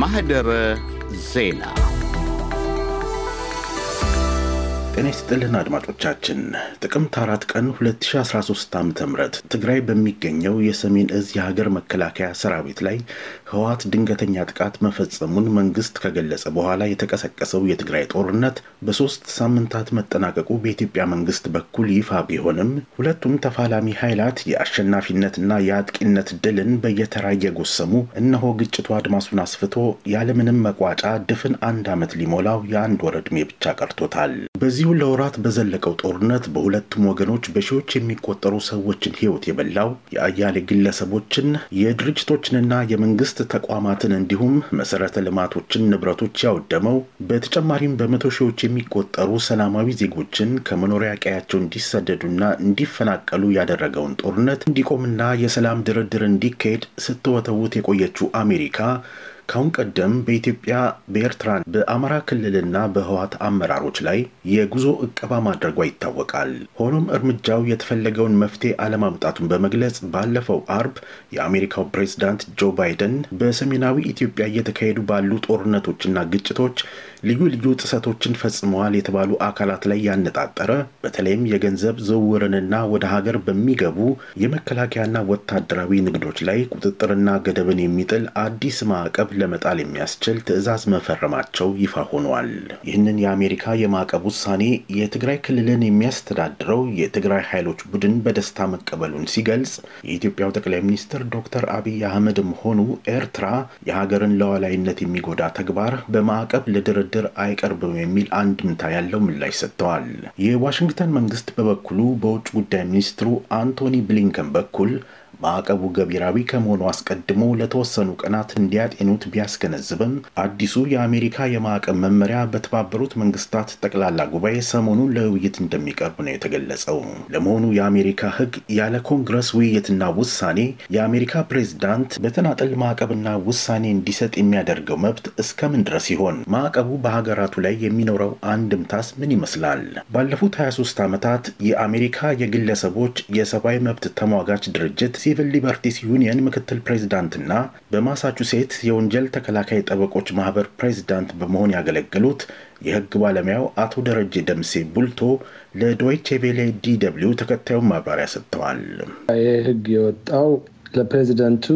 ማህደረ ዜና ጤና ይስጥልን አድማጮቻችን። ጥቅምት አራት ቀን 2013 ዓ ም ትግራይ በሚገኘው የሰሜን እዝ የሀገር መከላከያ ሰራዊት ላይ ህወሓት ድንገተኛ ጥቃት መፈጸሙን መንግስት ከገለጸ በኋላ የተቀሰቀሰው የትግራይ ጦርነት በሶስት ሳምንታት መጠናቀቁ በኢትዮጵያ መንግስት በኩል ይፋ ቢሆንም ሁለቱም ተፋላሚ ኃይላት የአሸናፊነትና የአጥቂነት ድልን በየተራ እየጎሰሙ እነሆ ግጭቱ አድማሱን አስፍቶ ያለምንም መቋጫ ድፍን አንድ ዓመት ሊሞላው የአንድ ወር ዕድሜ ብቻ ቀርቶታል። በዚሁ ለወራት በዘለቀው ጦርነት በሁለቱም ወገኖች በሺዎች የሚቆጠሩ ሰዎችን ህይወት የበላው የአያሌ ግለሰቦችን የድርጅቶችንና የመንግስት ተቋማትን እንዲሁም መሰረተ ልማቶችን፣ ንብረቶች ያወደመው በተጨማሪም በመቶ ሺዎች የሚቆጠሩ ሰላማዊ ዜጎችን ከመኖሪያ ቀያቸው እንዲሰደዱና እንዲፈናቀሉ ያደረገውን ጦርነት እንዲቆምና የሰላም ድርድር እንዲካሄድ ስትወተውት የቆየችው አሜሪካ ካሁን ቀደም በኢትዮጵያ በኤርትራ በአማራ ክልልና በህወሓት አመራሮች ላይ የጉዞ እቀባ ማድረጓ ይታወቃል። ሆኖም እርምጃው የተፈለገውን መፍትሄ አለማምጣቱን በመግለጽ ባለፈው አርብ የአሜሪካው ፕሬዝዳንት ጆ ባይደን በሰሜናዊ ኢትዮጵያ እየተካሄዱ ባሉ ጦርነቶችና ግጭቶች ልዩ ልዩ ጥሰቶችን ፈጽመዋል የተባሉ አካላት ላይ ያነጣጠረ በተለይም የገንዘብ ዝውውርንና ወደ ሀገር በሚገቡ የመከላከያና ወታደራዊ ንግዶች ላይ ቁጥጥርና ገደብን የሚጥል አዲስ ማዕቀብ ለመጣል የሚያስችል ትዕዛዝ መፈረማቸው ይፋ ሆኗል። ይህንን የአሜሪካ የማዕቀብ ውሳኔ የትግራይ ክልልን የሚያስተዳድረው የትግራይ ኃይሎች ቡድን በደስታ መቀበሉን ሲገልጽ የኢትዮጵያው ጠቅላይ ሚኒስትር ዶክተር አብይ አህመድም ሆኑ ኤርትራ የሀገርን ሉዓላዊነት የሚጎዳ ተግባር በማዕቀብ ለድርድር አይቀርብም የሚል አንድምታ ያለው ምላሽ ሰጥተዋል። የዋሽንግተን መንግስት በበኩሉ በውጭ ጉዳይ ሚኒስትሩ አንቶኒ ብሊንከን በኩል ማዕቀቡ ገቢራዊ ከመሆኑ አስቀድሞ ለተወሰኑ ቀናት እንዲያጤኑት ቢያስገነዝብም አዲሱ የአሜሪካ የማዕቀብ መመሪያ በተባበሩት መንግስታት ጠቅላላ ጉባኤ ሰሞኑን ለውይይት እንደሚቀርብ ነው የተገለጸው። ለመሆኑ የአሜሪካ ሕግ ያለ ኮንግረስ ውይይትና ውሳኔ የአሜሪካ ፕሬዝዳንት በተናጠል ማዕቀብና ውሳኔ እንዲሰጥ የሚያደርገው መብት እስከምን ድረስ ይሆን? ማዕቀቡ በሀገራቱ ላይ የሚኖረው አንድምታስ ምን ይመስላል? ባለፉት 23 ዓመታት የአሜሪካ የግለሰቦች የሰብአዊ መብት ተሟጋች ድርጅት የሲቪል ሊበርቲስ ዩኒየን ምክትል ፕሬዚዳንትና በማሳቹሴት የወንጀል ተከላካይ ጠበቆች ማህበር ፕሬዚዳንት በመሆን ያገለገሉት የህግ ባለሙያው አቶ ደረጀ ደምሴ ቡልቶ ለዶይቼ ቬሌ ዲ ደብልዩ ተከታዩን ማብራሪያ ሰጥተዋል። ይህ ሕግ የወጣው ለፕሬዚዳንቱ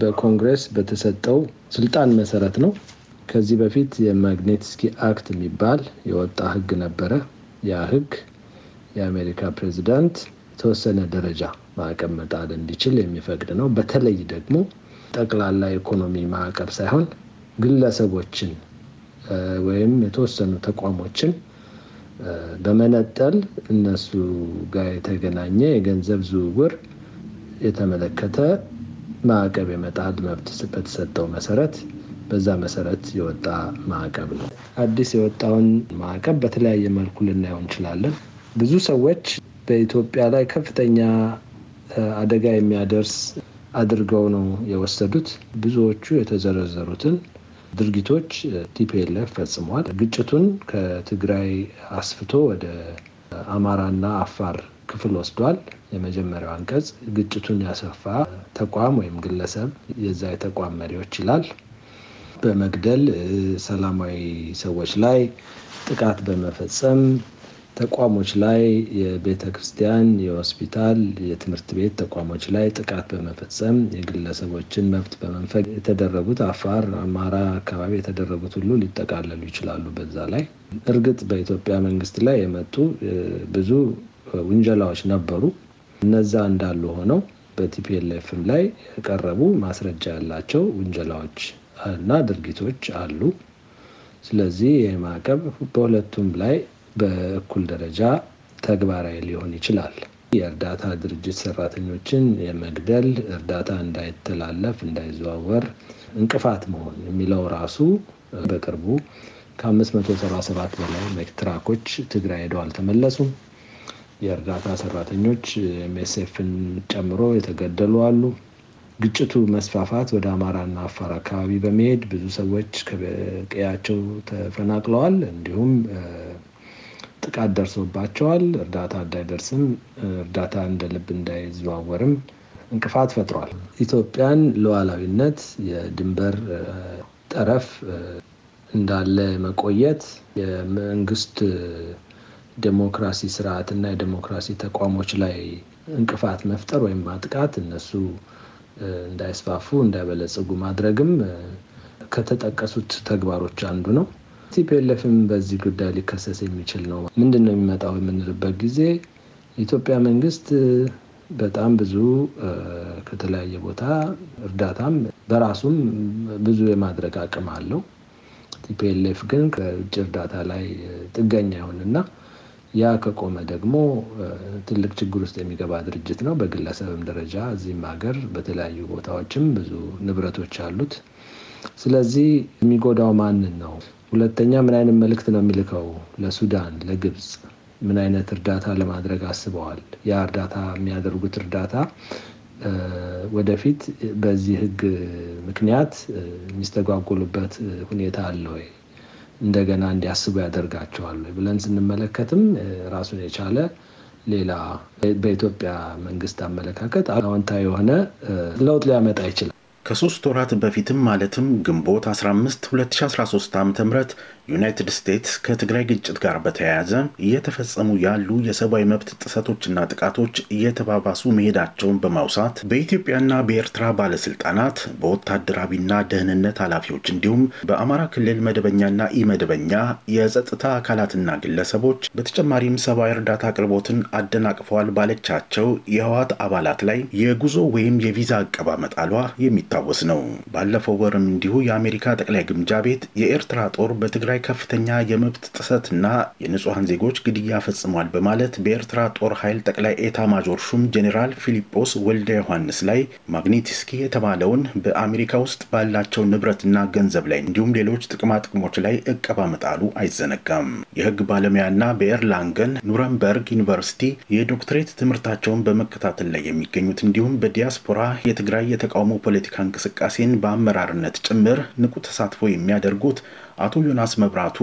በኮንግረስ በተሰጠው ስልጣን መሰረት ነው። ከዚህ በፊት የማግኔትስኪ አክት የሚባል የወጣ ህግ ነበረ። ያ ህግ የአሜሪካ ፕሬዚዳንት የተወሰነ ደረጃ ማዕቀብ መጣል እንዲችል የሚፈቅድ ነው። በተለይ ደግሞ ጠቅላላ ኢኮኖሚ ማዕቀብ ሳይሆን ግለሰቦችን ወይም የተወሰኑ ተቋሞችን በመነጠል እነሱ ጋር የተገናኘ የገንዘብ ዝውውር የተመለከተ ማዕቀብ የመጣል መብት በተሰጠው መሰረት በዛ መሰረት የወጣ ማዕቀብ ነው። አዲስ የወጣውን ማዕቀብ በተለያየ መልኩ ልናየው እንችላለን። ብዙ ሰዎች በኢትዮጵያ ላይ ከፍተኛ አደጋ የሚያደርስ አድርገው ነው የወሰዱት። ብዙዎቹ የተዘረዘሩትን ድርጊቶች ቲፒኤልኤፍ ፈጽሟል። ግጭቱን ከትግራይ አስፍቶ ወደ አማራና አፋር ክፍል ወስዷል። የመጀመሪያው አንቀጽ ግጭቱን ያሰፋ ተቋም ወይም ግለሰብ የዛ የተቋም መሪዎች ይላል በመግደል ሰላማዊ ሰዎች ላይ ጥቃት በመፈጸም ተቋሞች ላይ የቤተ ክርስቲያን፣ የሆስፒታል፣ የትምህርት ቤት ተቋሞች ላይ ጥቃት በመፈጸም የግለሰቦችን መብት በመንፈግ የተደረጉት አፋር፣ አማራ አካባቢ የተደረጉት ሁሉ ሊጠቃለሉ ይችላሉ። በዛ ላይ እርግጥ በኢትዮጵያ መንግስት ላይ የመጡ ብዙ ውንጀላዎች ነበሩ። እነዛ እንዳሉ ሆነው በቲፒኤልኤፍም ላይ የቀረቡ ማስረጃ ያላቸው ውንጀላዎች እና ድርጊቶች አሉ። ስለዚህ ይህ ማዕቀብ በሁለቱም ላይ በእኩል ደረጃ ተግባራዊ ሊሆን ይችላል። የእርዳታ ድርጅት ሰራተኞችን የመግደል እርዳታ እንዳይተላለፍ፣ እንዳይዘዋወር እንቅፋት መሆን የሚለው ራሱ በቅርቡ ከ577 በላይ መክትራኮች ትግራይ ሄደው አልተመለሱም። የእርዳታ ሰራተኞች ኤምኤስኤፍን ጨምሮ የተገደሉ አሉ። ግጭቱ መስፋፋት ወደ አማራና አፋር አካባቢ በመሄድ ብዙ ሰዎች ከቀያቸው ተፈናቅለዋል። እንዲሁም ጥቃት ደርሶባቸዋል። እርዳታ እንዳይደርስም እርዳታ እንደ ልብ እንዳይዘዋወርም እንቅፋት ፈጥሯል። ኢትዮጵያን ሉዓላዊነት የድንበር ጠረፍ እንዳለ መቆየት የመንግስት ዴሞክራሲ ስርዓት እና የዴሞክራሲ ተቋሞች ላይ እንቅፋት መፍጠር ወይም ማጥቃት እነሱ እንዳይስፋፉ እንዳይበለጽጉ ማድረግም ከተጠቀሱት ተግባሮች አንዱ ነው። ቲፒኤልኤፍም በዚህ ጉዳይ ሊከሰስ የሚችል ነው። ምንድን ነው የሚመጣው የምንልበት ጊዜ የኢትዮጵያ መንግስት በጣም ብዙ ከተለያየ ቦታ እርዳታም በራሱም ብዙ የማድረግ አቅም አለው። ቲፒኤልኤፍ ግን ከውጭ እርዳታ ላይ ጥገኛ ይሆንና ያ ከቆመ ደግሞ ትልቅ ችግር ውስጥ የሚገባ ድርጅት ነው። በግለሰብም ደረጃ እዚህም ሀገር በተለያዩ ቦታዎችም ብዙ ንብረቶች አሉት። ስለዚህ የሚጎዳው ማንን ነው? ሁለተኛ ምን አይነት መልእክት ነው የሚልከው ለሱዳን፣ ለግብፅ ምን አይነት እርዳታ ለማድረግ አስበዋል? ያ እርዳታ የሚያደርጉት እርዳታ ወደፊት በዚህ ህግ ምክንያት የሚስተጓጎሉበት ሁኔታ አለ ወይ? እንደገና እንዲያስቡ ያደርጋቸዋል ወይ ብለን ስንመለከትም ራሱን የቻለ ሌላ በኢትዮጵያ መንግስት አመለካከት አዎንታ የሆነ ለውጥ ሊያመጣ ይችላል። ከሶስት ወራት በፊትም ማለትም ግንቦት 15 2013 ዓ ም ዩናይትድ ስቴትስ ከትግራይ ግጭት ጋር በተያያዘ እየተፈጸሙ ያሉ የሰብአዊ መብት ጥሰቶችና ጥቃቶች እየተባባሱ መሄዳቸውን በማውሳት በኢትዮጵያና በኤርትራ ባለስልጣናት በወታደራዊና ደህንነት ኃላፊዎች እንዲሁም በአማራ ክልል መደበኛና ኢመደበኛ የጸጥታ አካላትና ግለሰቦች በተጨማሪም ሰብአዊ እርዳታ አቅርቦትን አደናቅፈዋል ባለቻቸው የህወሓት አባላት ላይ የጉዞ ወይም የቪዛ እቀባ መጣሏ የሚታ የሚታወስ ነው። ባለፈው ወርም እንዲሁ የአሜሪካ ጠቅላይ ግምጃ ቤት የኤርትራ ጦር በትግራይ ከፍተኛ የመብት ጥሰትና የንጹሐን ዜጎች ግድያ ፈጽሟል በማለት በኤርትራ ጦር ኃይል ጠቅላይ ኤታ ማጆር ሹም ጄኔራል ፊሊጶስ ወልደ ዮሐንስ ላይ ማግኒትስኪ የተባለውን በአሜሪካ ውስጥ ባላቸው ንብረትና ገንዘብ ላይ እንዲሁም ሌሎች ጥቅማ ጥቅሞች ላይ እቀባ መጣሉ አይዘነጋም። የህግ ባለሙያና በኤርላንገን ኑረምበርግ ዩኒቨርሲቲ የዶክትሬት ትምህርታቸውን በመከታተል ላይ የሚገኙት እንዲሁም በዲያስፖራ የትግራይ የተቃውሞ ፖለቲካ እንቅስቃሴን በአመራርነት ጭምር ንቁ ተሳትፎ የሚያደርጉት አቶ ዮናስ መብራቱ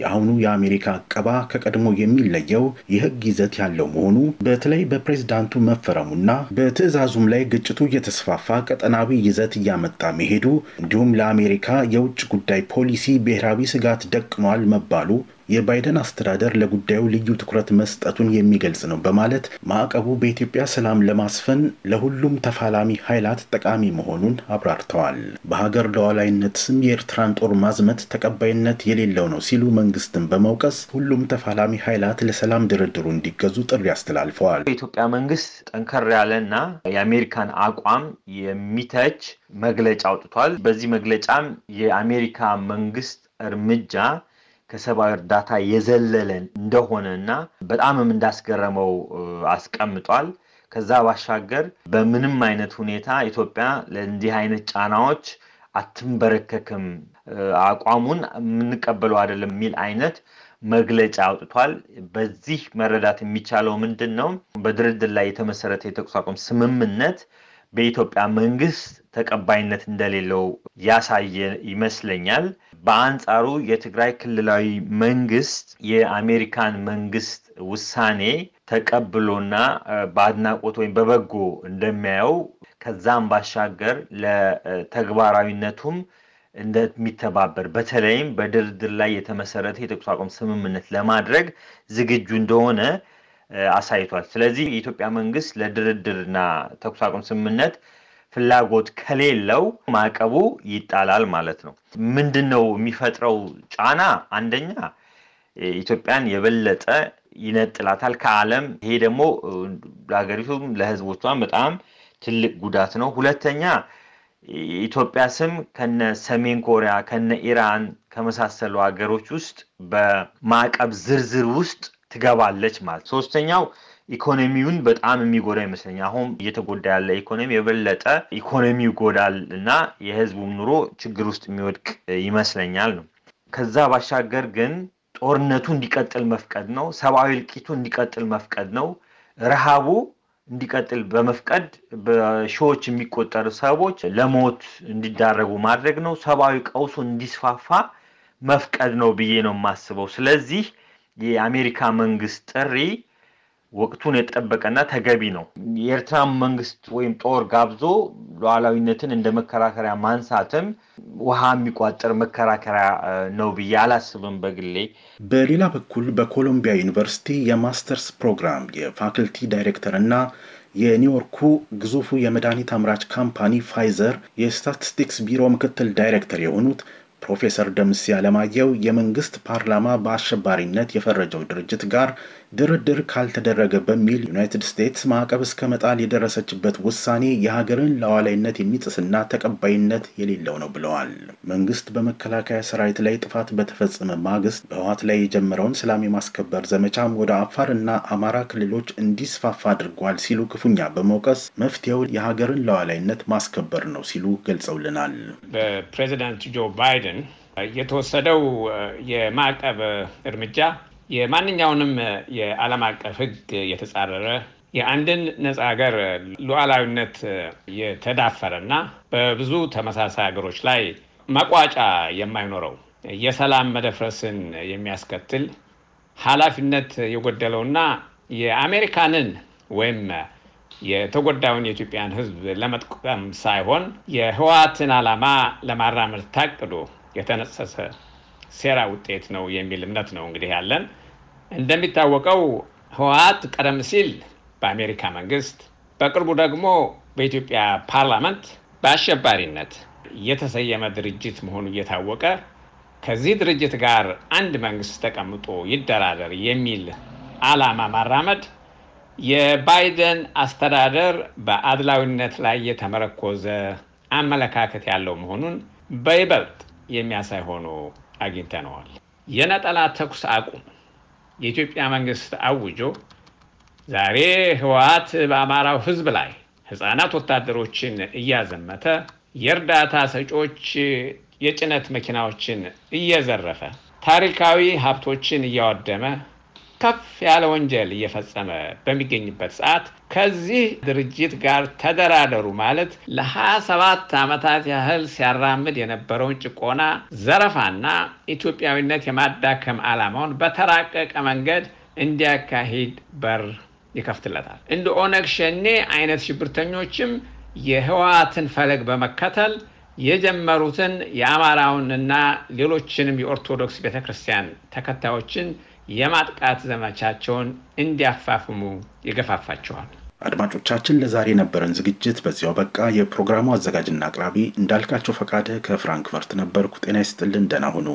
የአሁኑ የአሜሪካ አቀባ ከቀድሞ የሚለየው የሕግ ይዘት ያለው መሆኑ በተለይ በፕሬዝዳንቱ መፈረሙና በትዕዛዙም ላይ ግጭቱ እየተስፋፋ ቀጠናዊ ይዘት እያመጣ መሄዱ እንዲሁም ለአሜሪካ የውጭ ጉዳይ ፖሊሲ ብሔራዊ ስጋት ደቅኗል መባሉ የባይደን አስተዳደር ለጉዳዩ ልዩ ትኩረት መስጠቱን የሚገልጽ ነው በማለት ማዕቀቡ በኢትዮጵያ ሰላም ለማስፈን ለሁሉም ተፋላሚ ኃይላት ጠቃሚ መሆኑን አብራርተዋል። በሀገር ሉዓላዊነት ስም የኤርትራን ጦር ማዝመት ተቀባይነት የሌለው ነው ሲሉ መንግስትን በመውቀስ ሁሉም ተፋላሚ ኃይላት ለሰላም ድርድሩ እንዲገዙ ጥሪ አስተላልፈዋል። የኢትዮጵያ መንግስት ጠንከር ያለና የአሜሪካን አቋም የሚተች መግለጫ አውጥቷል። በዚህ መግለጫም የአሜሪካ መንግስት እርምጃ ከሰብአዊ እርዳታ የዘለለ እንደሆነ እና በጣምም እንዳስገረመው አስቀምጧል። ከዛ ባሻገር በምንም አይነት ሁኔታ ኢትዮጵያ ለእንዲህ አይነት ጫናዎች አትንበረከክም፣ አቋሙን የምንቀበለው አይደለም የሚል አይነት መግለጫ አውጥቷል። በዚህ መረዳት የሚቻለው ምንድን ነው? በድርድር ላይ የተመሰረተ የተኩስ አቁም ስምምነት በኢትዮጵያ መንግስት ተቀባይነት እንደሌለው ያሳየ ይመስለኛል። በአንጻሩ የትግራይ ክልላዊ መንግስት የአሜሪካን መንግስት ውሳኔ ተቀብሎና በአድናቆት ወይም በበጎ እንደሚያየው ከዛም ባሻገር ለተግባራዊነቱም እንደሚተባበር በተለይም በድርድር ላይ የተመሰረተ የተኩስ አቁም ስምምነት ለማድረግ ዝግጁ እንደሆነ አሳይቷል። ስለዚህ የኢትዮጵያ መንግስት ለድርድርና ተኩስ አቁም ስምምነት ፍላጎት ከሌለው ማዕቀቡ ይጣላል ማለት ነው። ምንድን ነው የሚፈጥረው ጫና? አንደኛ ኢትዮጵያን የበለጠ ይነጥላታል ከዓለም። ይሄ ደግሞ ለሀገሪቱም ለሕዝቦቿም በጣም ትልቅ ጉዳት ነው። ሁለተኛ የኢትዮጵያ ስም ከነ ሰሜን ኮሪያ ከነ ኢራን ከመሳሰሉ ሀገሮች ውስጥ በማዕቀብ ዝርዝር ውስጥ ትገባለች ማለት። ሶስተኛው ኢኮኖሚውን በጣም የሚጎዳ ይመስለኛል። አሁን እየተጎዳ ያለ ኢኮኖሚ የበለጠ ኢኮኖሚ ይጎዳል እና የህዝቡም ኑሮ ችግር ውስጥ የሚወድቅ ይመስለኛል ነው። ከዛ ባሻገር ግን ጦርነቱ እንዲቀጥል መፍቀድ ነው። ሰብአዊ እልቂቱ እንዲቀጥል መፍቀድ ነው። ረሃቡ እንዲቀጥል በመፍቀድ በሺዎች የሚቆጠሩ ሰዎች ለሞት እንዲዳረጉ ማድረግ ነው። ሰብአዊ ቀውሱ እንዲስፋፋ መፍቀድ ነው ብዬ ነው የማስበው። ስለዚህ የአሜሪካ መንግስት ጥሪ ወቅቱን የጠበቀና ተገቢ ነው። የኤርትራ መንግስት ወይም ጦር ጋብዞ ሉዓላዊነትን እንደ መከራከሪያ ማንሳትም ውሃ የሚቋጠር መከራከሪያ ነው ብዬ አላስብም በግሌ። በሌላ በኩል በኮሎምቢያ ዩኒቨርሲቲ የማስተርስ ፕሮግራም የፋክልቲ ዳይሬክተር እና የኒውዮርኩ ግዙፉ የመድኃኒት አምራች ካምፓኒ ፋይዘር የስታቲስቲክስ ቢሮ ምክትል ዳይሬክተር የሆኑት ፕሮፌሰር ደምስ ያለማየው የመንግስት ፓርላማ በአሸባሪነት የፈረጀው ድርጅት ጋር ድርድር ካልተደረገ በሚል ዩናይትድ ስቴትስ ማዕቀብ እስከ መጣል የደረሰችበት ውሳኔ የሀገርን ሉዓላዊነት የሚጥስና ተቀባይነት የሌለው ነው ብለዋል። መንግስት በመከላከያ ሰራዊት ላይ ጥፋት በተፈጸመ ማግስት በህወሓት ላይ የጀመረውን ሰላም የማስከበር ዘመቻም ወደ አፋር እና አማራ ክልሎች እንዲስፋፋ አድርጓል ሲሉ ክፉኛ በመውቀስ መፍትሄው የሀገርን ሉዓላዊነት ማስከበር ነው ሲሉ ገልጸውልናል። በፕሬዚዳንት ጆ ባይደን የተወሰደው የማዕቀብ እርምጃ የማንኛውንም የዓለም አቀፍ ሕግ የተጻረረ የአንድን ነጻ ሀገር ሉዓላዊነት እና በብዙ ተመሳሳይ ሀገሮች ላይ መቋጫ የማይኖረው የሰላም መደፍረስን የሚያስከትል ኃላፊነት የጎደለውና የአሜሪካንን ወይም የተጎዳዩን የኢትዮጵያን ህዝብ ለመጥቀም ሳይሆን የህወሓትን ዓላማ ለማራመድ ታቅዶ የተነሰሰ ሴራ ውጤት ነው የሚል እምነት ነው እንግዲህ ያለን። እንደሚታወቀው ህወሓት ቀደም ሲል በአሜሪካ መንግስት፣ በቅርቡ ደግሞ በኢትዮጵያ ፓርላመንት በአሸባሪነት የተሰየመ ድርጅት መሆኑ እየታወቀ ከዚህ ድርጅት ጋር አንድ መንግስት ተቀምጦ ይደራደር የሚል አላማ ማራመድ የባይደን አስተዳደር በአድላዊነት ላይ የተመረኮዘ አመለካከት ያለው መሆኑን በይበልጥ የሚያሳይ ሆኖ አግኝተነዋል። የነጠላ ተኩስ አቁም የኢትዮጵያ መንግስት አውጆ ዛሬ ህወሓት በአማራው ህዝብ ላይ ህፃናት ወታደሮችን እያዘመተ የእርዳታ ሰጪዎች የጭነት መኪናዎችን እየዘረፈ ታሪካዊ ሀብቶችን እያወደመ ከፍ ያለ ወንጀል እየፈጸመ በሚገኝበት ሰዓት ከዚህ ድርጅት ጋር ተደራደሩ ማለት ለ27 ዓመታት ያህል ሲያራምድ የነበረውን ጭቆና፣ ዘረፋና ኢትዮጵያዊነት የማዳከም ዓላማውን በተራቀቀ መንገድ እንዲያካሂድ በር ይከፍትለታል። እንደ ኦነግ ሸኔ አይነት ሽብርተኞችም የህወሓትን ፈለግ በመከተል የጀመሩትን የአማራውንና ሌሎችንም የኦርቶዶክስ ቤተ ክርስቲያን ተከታዮችን የማጥቃት ዘመቻቸውን እንዲያፋፍሙ ይገፋፋቸዋል። አድማጮቻችን፣ ለዛሬ የነበረን ዝግጅት በዚያው በቃ። የፕሮግራሙ አዘጋጅና አቅራቢ እንዳልካቸው ፈቃደ ከፍራንክፈርት ነበርኩ። ጤና ይስጥልን። ደህና ሁኑ።